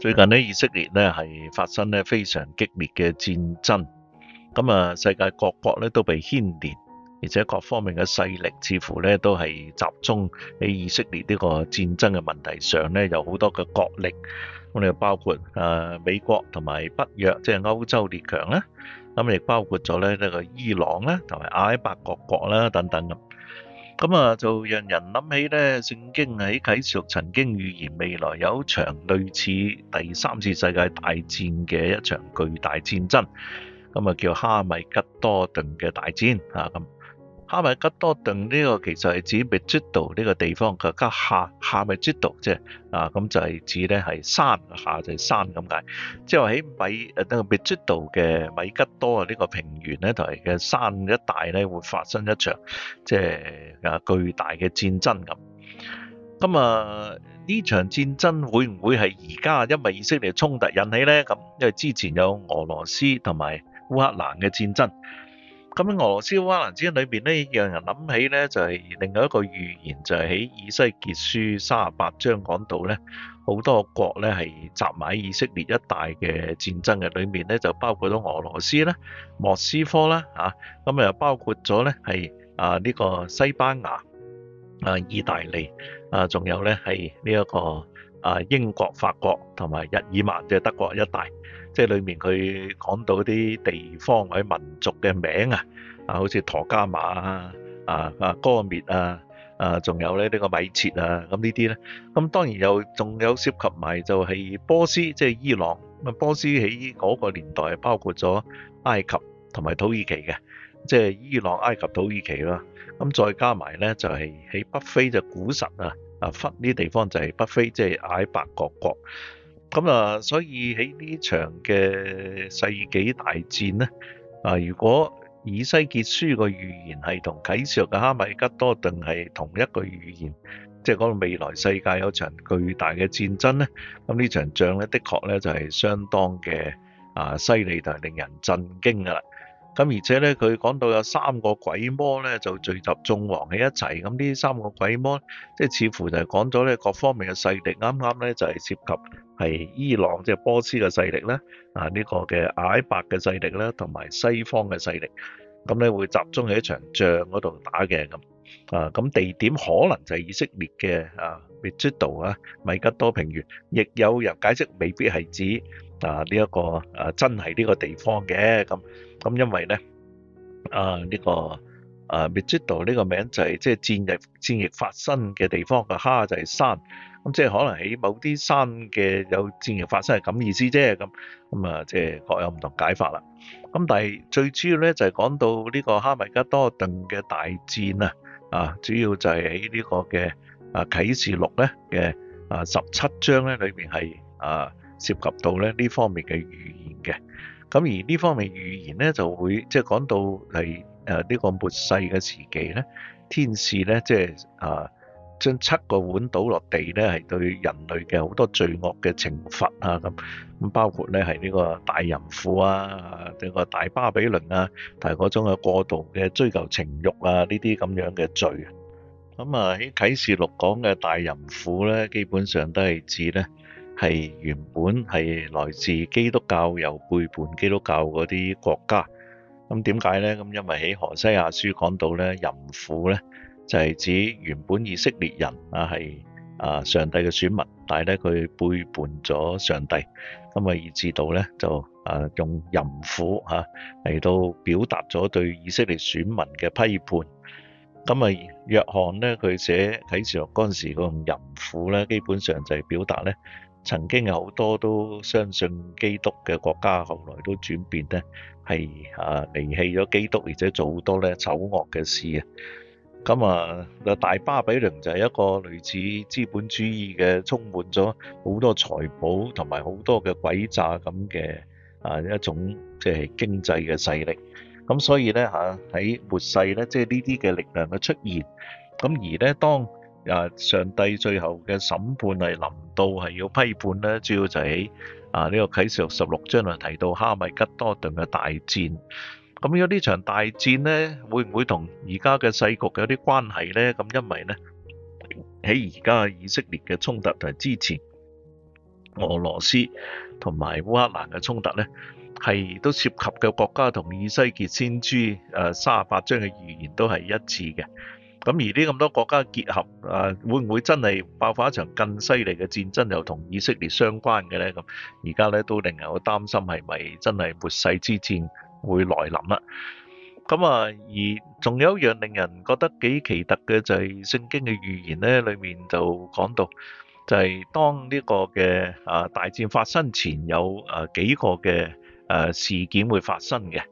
最近咧，以色列咧係發生咧非常激烈嘅戰爭，咁啊，世界各國咧都被牽連，而且各方面嘅勢力，似乎咧都係集中喺以色列呢個戰爭嘅問題上咧，有好多嘅角力，咁你又包括誒美國同埋北約，即係歐洲列強啦，咁亦包括咗咧呢個伊朗啦，同埋阿拉伯各國啦等等咁。咁啊，就讓人諗起咧，聖經喺啟示曾經預言未來有一場類似第三次世界大戰嘅一場巨大戰爭，咁啊，叫哈米吉多頓嘅大戰咁。哈米吉多頓呢個其實係指米吉多呢個地方，佢家下下米吉多即係啊，咁就係、是、指咧係山下就係山咁解。即係話喺米誒呢個米吉多嘅米吉多啊呢個平原咧同埋嘅山一帶咧會發生一場即係啊巨大嘅戰爭咁。咁啊呢場戰爭會唔會係而家因為以色列衝突引起咧？咁因為之前有俄羅斯同埋烏克蘭嘅戰爭。咁喺俄羅斯烏克蘭之裏邊咧，讓人諗起咧就係另外一個預言，就係、是、喺以西結書三十八章講到咧，好多國咧係集埋以色列一帶嘅戰爭嘅，裏面咧就包括咗俄羅斯啦、莫斯科啦嚇，咁、啊、又包括咗咧係啊呢個西班牙、啊意大利、啊仲有咧係呢一、這個。啊！英國、法國同埋日耳曼即係、就是、德國一帶，即、就、係、是、裡面佢講到啲地方或者民族嘅名啊，啊，啊，好似陀加馬啊，啊啊哥滅啊，啊，仲有咧呢個米切啊，咁呢啲咧，咁當然又仲有，有涉及埋就係波斯，即、就、係、是、伊朗。波斯喺嗰個年代包括咗埃及同埋土耳其嘅，即、就、係、是、伊朗、埃及、土耳其啦。咁再加埋咧就係、是、喺北非就古實啊。啊！忽呢地方就係北非，即係矮白各國國咁啊！所以喺呢場嘅世紀大戰咧，啊，如果以西結書個預言係同啟示錄嘅哈米吉多頓係同一個預言，即係講未來世界有一場巨大嘅戰爭咧，咁呢場仗咧，的確咧就係相當嘅啊犀利同令人震驚噶啦。咁而且咧，佢講到有三個鬼魔咧，就聚集眾王喺一齊。咁呢三個鬼魔，即係似乎就係講咗咧各方面嘅勢力，就是、力。啱啱咧就係涉及係伊朗即係波斯嘅勢力啦，啊呢個嘅阿拉伯嘅勢力啦，同埋西方嘅勢力。咁咧會集中喺一場仗嗰度打嘅咁。啊咁地點可能就係以色列嘅啊米吉多啊米吉多平原，亦有人解釋未必係指啊呢一個啊真係呢個地方嘅咁。咁因為咧，啊呢個啊 Megiddo 呢個名字就係即係戰役戰役發生嘅地方嘅，哈就係山，咁即係可能喺某啲山嘅有戰役發生係咁意思啫，咁咁啊即係各有唔同解法啦。咁但係最主要咧就係講到呢個哈米加多頓嘅大戰啊，啊主要就係喺呢個嘅啊啟示錄咧嘅啊十七章咧裏邊係啊涉及到咧呢方面嘅預言嘅。咁而呢方面預言咧就會即係講到係呢個末世嘅時期咧，天使咧即係啊將七個碗倒落地咧係對人類嘅好多罪惡嘅懲罰啊，咁咁包括咧係呢個大淫婦啊呢個大巴比倫啊，但嗰種嘅過度嘅追求情慾啊呢啲咁樣嘅罪啊，咁啊喺啟示錄講嘅大淫婦咧，基本上都係指咧。係原本係來自基督教又背叛基督教嗰啲國家，咁點解呢？咁因為喺何西亞書講到咧，淫婦咧就係指原本以色列人啊係啊上帝嘅選民，但係咧佢背叛咗上帝，咁啊以至到咧就啊用淫婦嚇嚟到表達咗對以色列選民嘅批判。咁啊約翰咧佢寫啟示錄嗰陣時個淫婦咧，基本上就係表達咧。曾經有好多都相信基督嘅國家，後來都轉變咧，係啊離棄咗基督，而且做好多咧醜惡嘅事啊。咁啊，大巴比倫就係一個類似資本主義嘅，充滿咗好多財寶同埋好多嘅詭詐咁嘅啊一種即係經濟嘅勢力。咁所以咧吓喺末世咧，即係呢啲嘅力量嘅出現，咁而咧當。啊！上帝最後嘅審判係臨到係要批判咧，主要就喺啊呢、這個啟示錄十六章嚟提到哈米吉多頓嘅大戰。咁如果呢場大戰咧，會唔會同而家嘅世局有啲關係咧？咁因為咧喺而家以色列嘅衝突就係之前俄羅斯同埋烏克蘭嘅衝突咧，係都涉及嘅國家同以西結先知誒三十八章嘅預言都係一致嘅。咁而呢咁多國家結合啊，會唔會真係爆發一場更犀利嘅戰爭，又同以色列相關嘅咧？咁而家咧都令人好擔心，係咪真係末世之戰會來臨啦？咁啊，而仲有一樣令人覺得幾奇特嘅就係聖經嘅預言咧，裏面就講到就係當呢個嘅啊大戰發生前，有啊幾個嘅誒事件會發生嘅。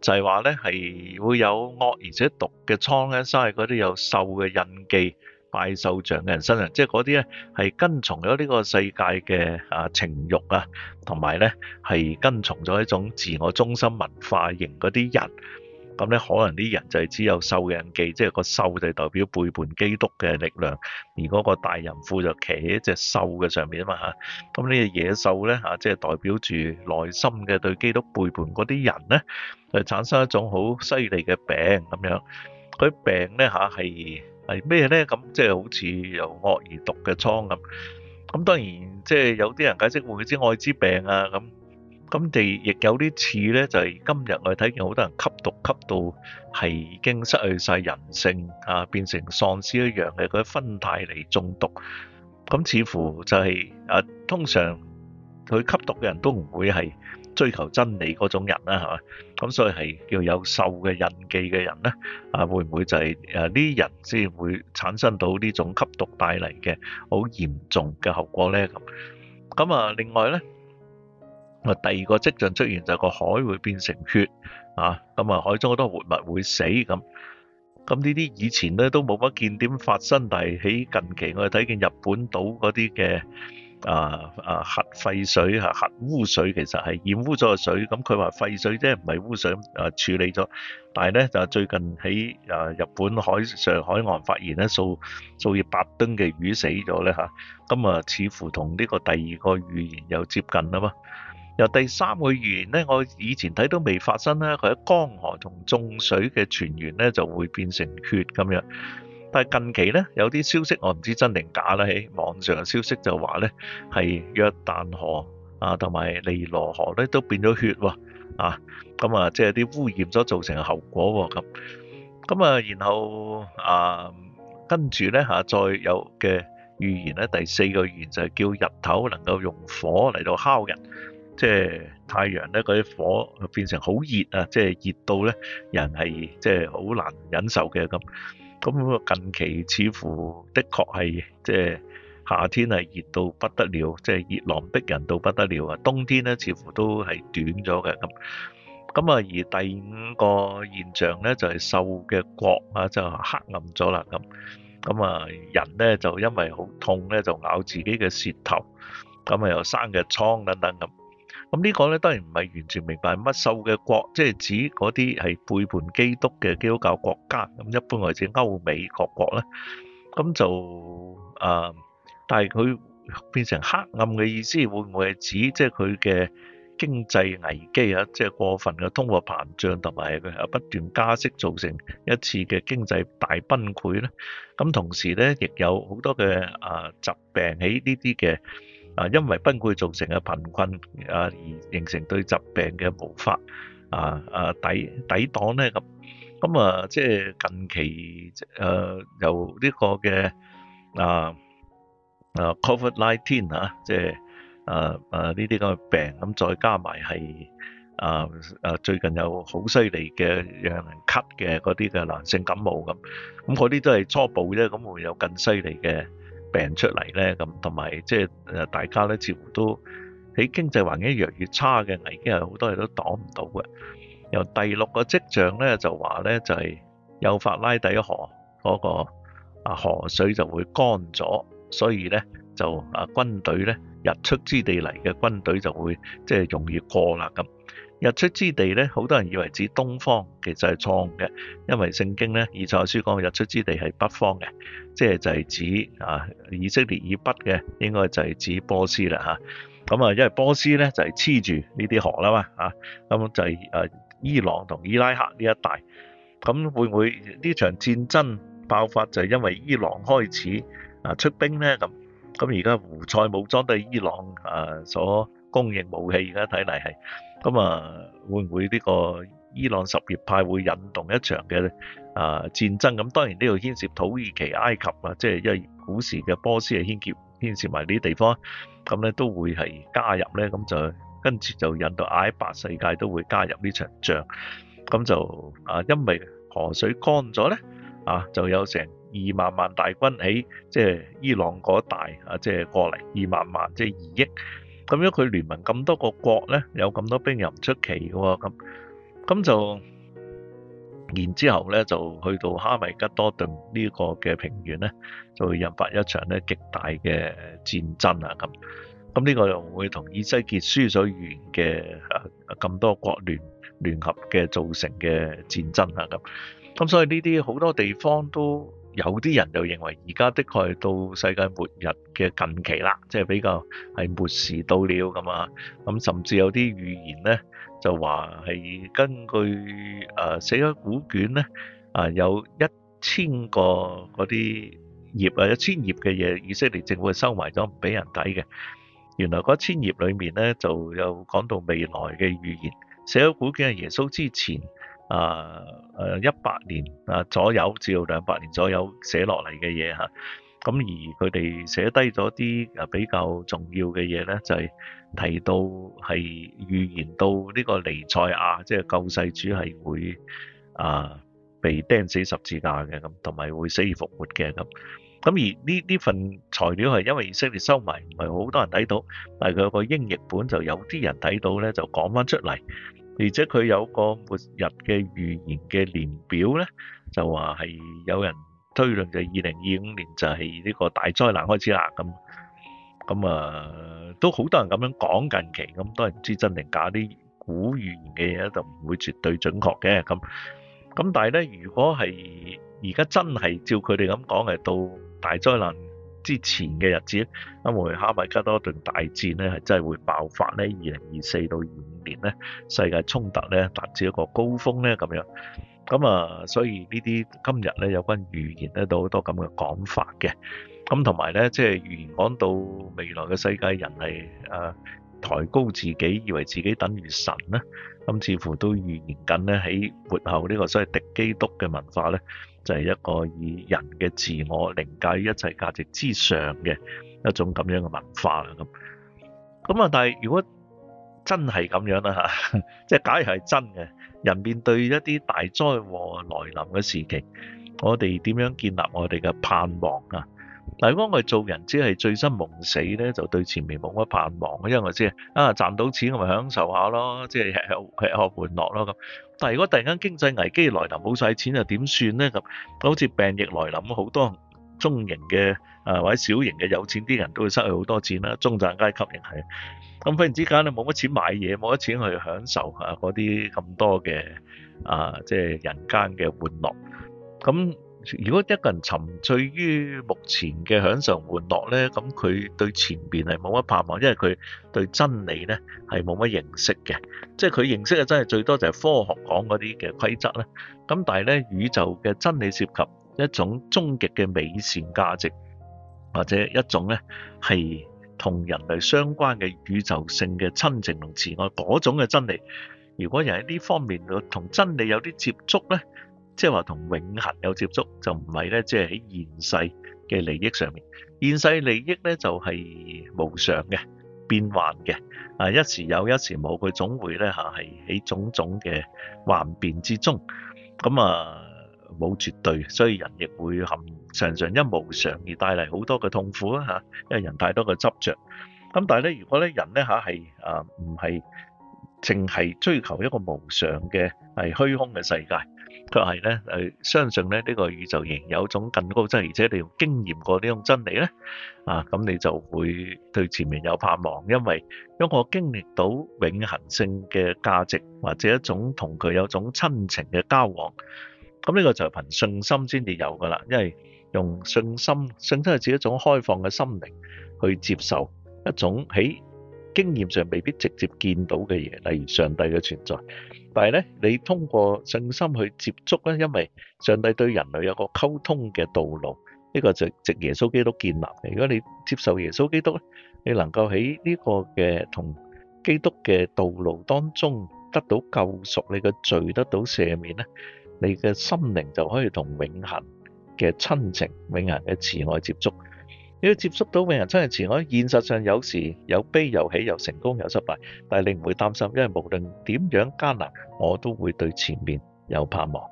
就係話咧，係會有惡而且毒嘅瘡咧，生喺嗰啲有獸嘅印記、拜獸像嘅人身上，即係嗰啲咧係跟從咗呢個世界嘅啊情慾啊，同埋咧係跟從咗一種自我中心文化型嗰啲人。咁咧，可能啲人就係只有獸人記，即係個獸就代表背叛基督嘅力量，而嗰個大淫婦就企喺隻獸嘅上面啊嘛嚇。咁呢隻野獸咧嚇，即係代表住內心嘅對基督背叛嗰啲人咧，就產生一種好犀利嘅病咁樣。佢病咧嚇係係咩咧？咁即係好似由惡而毒嘅瘡咁。咁當然即係有啲人解釋為之愛滋病啊咁。咁地亦有啲似咧，就係、是、今日我哋睇見好多人吸毒吸到係已經失去晒人性啊，變成喪屍一樣嘅佢分態嚟中毒。咁似乎就係、是啊、通常佢吸毒嘅人都唔會係追求真理嗰種人啦，係嘛？咁所以係要有受嘅印記嘅人咧，啊，會唔會就係、是、呢、啊、人先係會產生到呢種吸毒帶嚟嘅好嚴重嘅後果咧？咁咁啊，另外咧。啊！第二個跡象出現就係個海會變成血啊，咁、嗯、啊，海中好多活物會死咁。咁呢啲以前咧都冇乜見點發生，但係喺近期我哋睇見日本島嗰啲嘅啊啊核廢水啊核污水其實係染污咗嘅水，咁佢話廢水即係，唔係污水啊處理咗，但係咧就最近喺啊日本海上海岸發現咧數數以百噸嘅魚死咗咧嚇，咁啊，、嗯、啊似乎同呢個第二個預言又接近啦嘛。又第三個預言咧，我以前睇到未發生咧，佢喺江河同眾水嘅泉源咧就會變成血咁樣。但係近期咧有啲消息，我唔知真定假啦。喺網上嘅消息就話咧係約旦河啊同埋尼羅河咧都變咗血喎啊咁啊，即係啲污染所造成嘅後果喎咁咁啊，然後啊跟住咧嚇再有嘅預言咧第四個預言就係叫日頭能夠用火嚟到烤人。即係太陽咧，嗰啲火變成好熱啊！即係熱到咧，人係即係好難忍受嘅咁。咁近期似乎的確係即係夏天係熱到不得了，即係熱浪逼人到不得了啊！冬天咧似乎都係短咗嘅咁。咁啊，而第五個現象咧就係、是、獸嘅國啊就黑暗咗啦咁。咁啊，人咧就因為好痛咧就咬自己嘅舌頭，咁啊又生嘅瘡等等咁。咁呢個咧當然唔係完全明白乜獸嘅國，即係指嗰啲係背叛基督嘅基督教國家。咁一般嚟指歐美各國咧，咁就誒、啊，但係佢變成黑暗嘅意思，會唔會係指即係佢嘅經濟危機啊？即、就、係、是、過分嘅通貨膨脹同埋佢不斷加息造成一次嘅經濟大崩潰咧？咁同時咧，亦有好多嘅誒、啊、疾病喺呢啲嘅。啊，因為崩潰造成嘅貧困啊，而形成對疾病嘅無法啊啊抵抵擋咧咁。咁啊，即、啊、近期有由呢個嘅啊 Covid Nineteen 啊，即係呢啲咁嘅病，咁、啊、再加埋係、啊啊、最近有好犀利嘅讓人咳嘅嗰啲嘅男性感冒咁，咁嗰啲都係初步啫，咁、啊、會有更犀利嘅。病出嚟咧，咁同埋即係誒大家咧，似乎都喺經濟環境越嚟越差嘅危機，好多嘢都擋唔到嘅。由第六個跡象咧，就話咧就係幼發拉底河嗰個啊河水就會乾咗，所以咧就啊軍隊咧日出之地嚟嘅軍隊就會即係容易過啦咁。日出之地咧，好多人以為指東方，其實係錯誤嘅，因為聖經咧，以賽書講日出之地係北方嘅，即係就係、是、指啊以色列以北嘅，應該就係指波斯啦嚇。咁啊，因為波斯咧就係黐住呢啲河啦嘛嚇，咁就係、是、啊伊朗同伊拉克呢一帶。咁會唔會呢場戰爭爆發就係因為伊朗開始啊出兵咧？咁咁而家胡塞武裝都係伊朗啊所。供應武器而家睇嚟係咁啊，會唔會呢個伊朗什葉派會引動一場嘅啊戰爭？咁當然呢度牽涉土耳其、埃及啊，即係因為古時嘅波斯係牽涉牽涉埋呢啲地方，咁咧都會係加入咧，咁就跟住就引到阿拉伯世界都會加入呢場仗，咁就啊，因為河水乾咗咧啊，就有成二萬萬大軍喺即係伊朗嗰大啊，即係過嚟二萬萬即係二億。咁樣佢聯盟咁多個國咧，有咁多兵又唔出奇嘅喎，咁咁就然之後咧，就去到哈米吉多頓呢個嘅平原咧，就會引發一場咧極大嘅戰爭啊咁。咁呢個又會同以西結書所完嘅咁多國聯聯合嘅造成嘅戰爭啊咁，咁所以呢啲好多地方都。有啲人就認為而家的確係到世界末日嘅近期啦，即係比較係末時到了咁啊，咁甚至有啲預言咧就話係根據誒《死海古卷》咧啊，有一千個嗰啲頁啊，一千頁嘅嘢，以色列政府收埋咗唔俾人睇嘅。原來嗰千頁裏面咧就有講到未來嘅預言，《死海古卷》係耶穌之前。啊誒一百年啊左右，至到兩百年左右寫落嚟嘅嘢嚇，咁而佢哋寫低咗啲啊比較重要嘅嘢咧，就係提到係預言到呢個尼賽亞，即係救世主係會啊被釘死十字架嘅咁，同埋會死而復活嘅咁。咁而呢呢份材料係因為以色列收埋，唔係好多人睇到，但係佢個英譯本就有啲人睇到咧，就講翻出嚟。而且佢有個末日嘅預言嘅年表咧，就話係有人推論就係二零二五年就係呢個大災難開始啦咁。咁啊，都好多人咁樣講近期，咁當然唔知真定假，啲古預言嘅嘢就唔會絕對準確嘅咁。咁但係咧，如果係而家真係照佢哋咁講，係到大災難。之前嘅日子，因為哈米加多頓大戰咧，係真係會爆發咧，二零二四到二五年咧，世界衝突咧達至一個高峰咧咁樣。咁啊，所以呢啲今日咧有關預言咧都好多咁嘅講法嘅。咁同埋咧，即係、就是、預言講到未來嘅世界，人係啊抬高自己，以為自己等於神咧。咁似乎都預言緊咧喺活後呢個所謂的敵基督嘅文化咧。就係、是、一個以人嘅自我凌駕一切價值之上嘅一種咁樣嘅文化啦咁。咁啊，但係如果真係咁樣啦嚇，即係假如係真嘅，人面對一啲大災禍來臨嘅時期，我哋點樣建立我哋嘅盼望啊？但如果我做人只係醉生夢死咧，就對前面冇乜盼望嘅，因為知啊賺到錢我咪享受下咯，即係吃喝玩樂咯咁。但如果突然間經濟危機來臨，冇晒錢又點算咧？咁好似病疫來臨好多中型嘅啊或者小型嘅有錢啲人都會失去好多錢啦，中產階級型係。咁忽然之間咧冇乜錢買嘢，冇乜錢去享受下嗰啲咁多嘅啊即係人間嘅玩樂咁。如果一個人沉醉於目前嘅享受玩樂咧，咁佢對前邊係冇乜盼望，因為佢對真理咧係冇乜認識嘅，即係佢認識嘅真係最多就係科學講嗰啲嘅規則咧。咁但係咧，宇宙嘅真理涉及一種終極嘅美善價值，或者一種咧係同人類相關嘅宇宙性嘅親情同慈愛嗰種嘅真理。如果人喺呢方面同真理有啲接觸咧，即係話同永恆有接觸，就唔係咧，即係喺現世嘅利益上面。現世利益咧就係無常嘅、變幻嘅啊，一時有，一時冇，佢總會咧嚇係喺種種嘅幻變之中咁啊，冇絕對，所以人亦會含常常因無常而帶嚟好多嘅痛苦啊嚇，因為人太多嘅執着。咁但係咧，如果咧人咧嚇係啊，唔係淨係追求一個無常嘅係虛空嘅世界。佢係咧，誒相信咧，呢個宇宙仍有種更高真，而且你要經驗過呢種真理咧，啊咁你就會對前面有盼望，因為因為我經歷到永恆性嘅價值，或者一種同佢有種親情嘅交往，咁呢個就憑信心先至有㗎喇，因為用信心，信心係指一種開放嘅心靈去接受一種喺經驗上未必直接見到嘅嘢，例如上帝嘅存在。但係咧，你通過信心去接觸咧，因為上帝對人類有個溝通嘅道路，呢個就藉耶穌基督建立嘅。如果你接受耶穌基督咧，你能夠喺呢個嘅同基督嘅道路當中，得到救贖，你嘅罪得到赦免咧，你嘅心靈就可以同永恒嘅親情、永恒嘅慈愛接觸。你要接觸到永恆親情真係慈愛，現實上有時有悲有喜，有成功有失敗，但係你唔會擔心，因為無論點樣艱難，我都會對前面有盼望。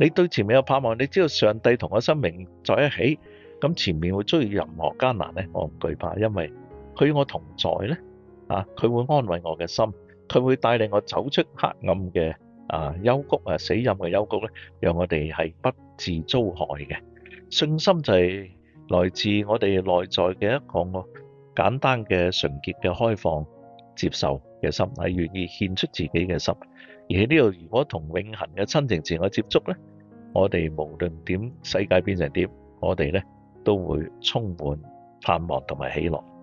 你對前面有盼望，你知道上帝同我生命在一起，咁前面會遭遇任何艱難咧，我唔懼怕，因為佢與我同在咧。啊，佢會安慰我嘅心，佢會帶領我走出黑暗嘅，啊，幽谷啊，死陰嘅幽谷咧，讓我哋係不至遭害嘅信心就係、是。來自我哋內在嘅一個簡單嘅純潔嘅開放接受嘅心，係願意獻出自己嘅心。而喺呢度，如果同永恆嘅親情自我接觸咧，我哋無論點，世界變成點，我哋咧都會充滿盼望同埋喜樂。